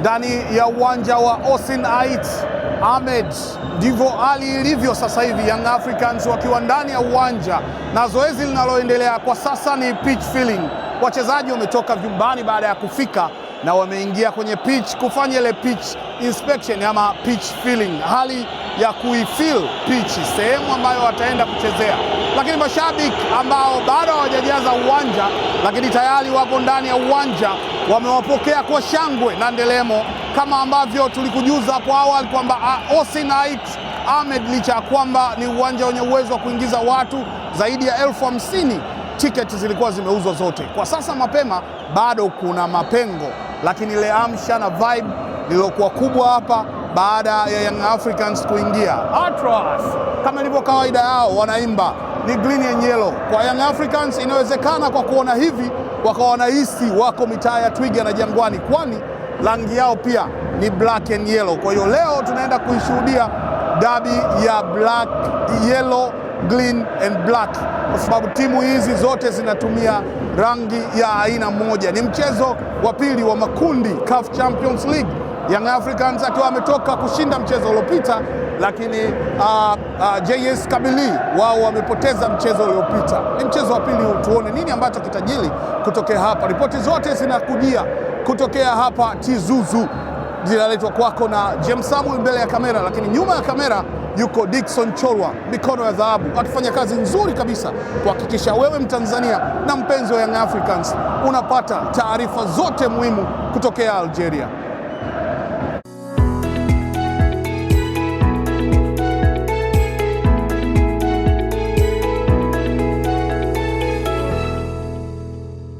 ndani ya uwanja wa Osin Ait Ahmed. Ndivyo hali ilivyo sasa hivi, Young Africans wakiwa ndani ya uwanja na zoezi linaloendelea kwa sasa ni pitch filling. Wachezaji wametoka vyumbani baada ya kufika na wameingia kwenye pitch kufanya ile pitch inspection ama pitch filling, hali ya kuifill pitch, sehemu ambayo wataenda kuchezea. Lakini mashabiki ambao bado hawajajaza uwanja, lakini tayari wapo ndani ya uwanja wamewapokea kwa shangwe na ndelemo, kama ambavyo tulikujuza hapo awali kwamba Osinait ah, Ahmed, licha ya kwamba ni uwanja wenye uwezo wa kuingiza watu zaidi ya elfu hamsini tiketi zilikuwa zimeuzwa zote. Kwa sasa mapema bado kuna mapengo, lakini ile amsha na vibe lililokuwa kubwa hapa baada ya Young Africans kuingia. Atras kama ilivyo kawaida yao wanaimba ni green and yellow. Kwa Young Africans inawezekana kwa kuona hivi wakawa wanahisi wako mitaa ya Twiga na Jangwani, kwani rangi yao pia ni black and yellow. Kwa hiyo leo tunaenda kuishuhudia dabi ya black, yellow, green and black, kwa sababu timu hizi zote zinatumia rangi ya aina moja. Ni mchezo wa pili wa makundi CAF Champions League, Young Africans akiwa ametoka kushinda mchezo uliopita lakini uh, ah, uh, ah, JS Kabili wao wamepoteza mchezo uliopita. Ni mchezo wa pili, tuone nini ambacho kitajili kutokea hapa. Ripoti zote zinakujia kutokea hapa Tizuzu, zinaletwa kwako na James Samuel mbele ya kamera, lakini nyuma ya kamera yuko Dickson Chorwa, mikono ya dhahabu, akifanya kazi nzuri kabisa kuhakikisha wewe Mtanzania na mpenzi wa Young Africans unapata taarifa zote muhimu kutokea Algeria.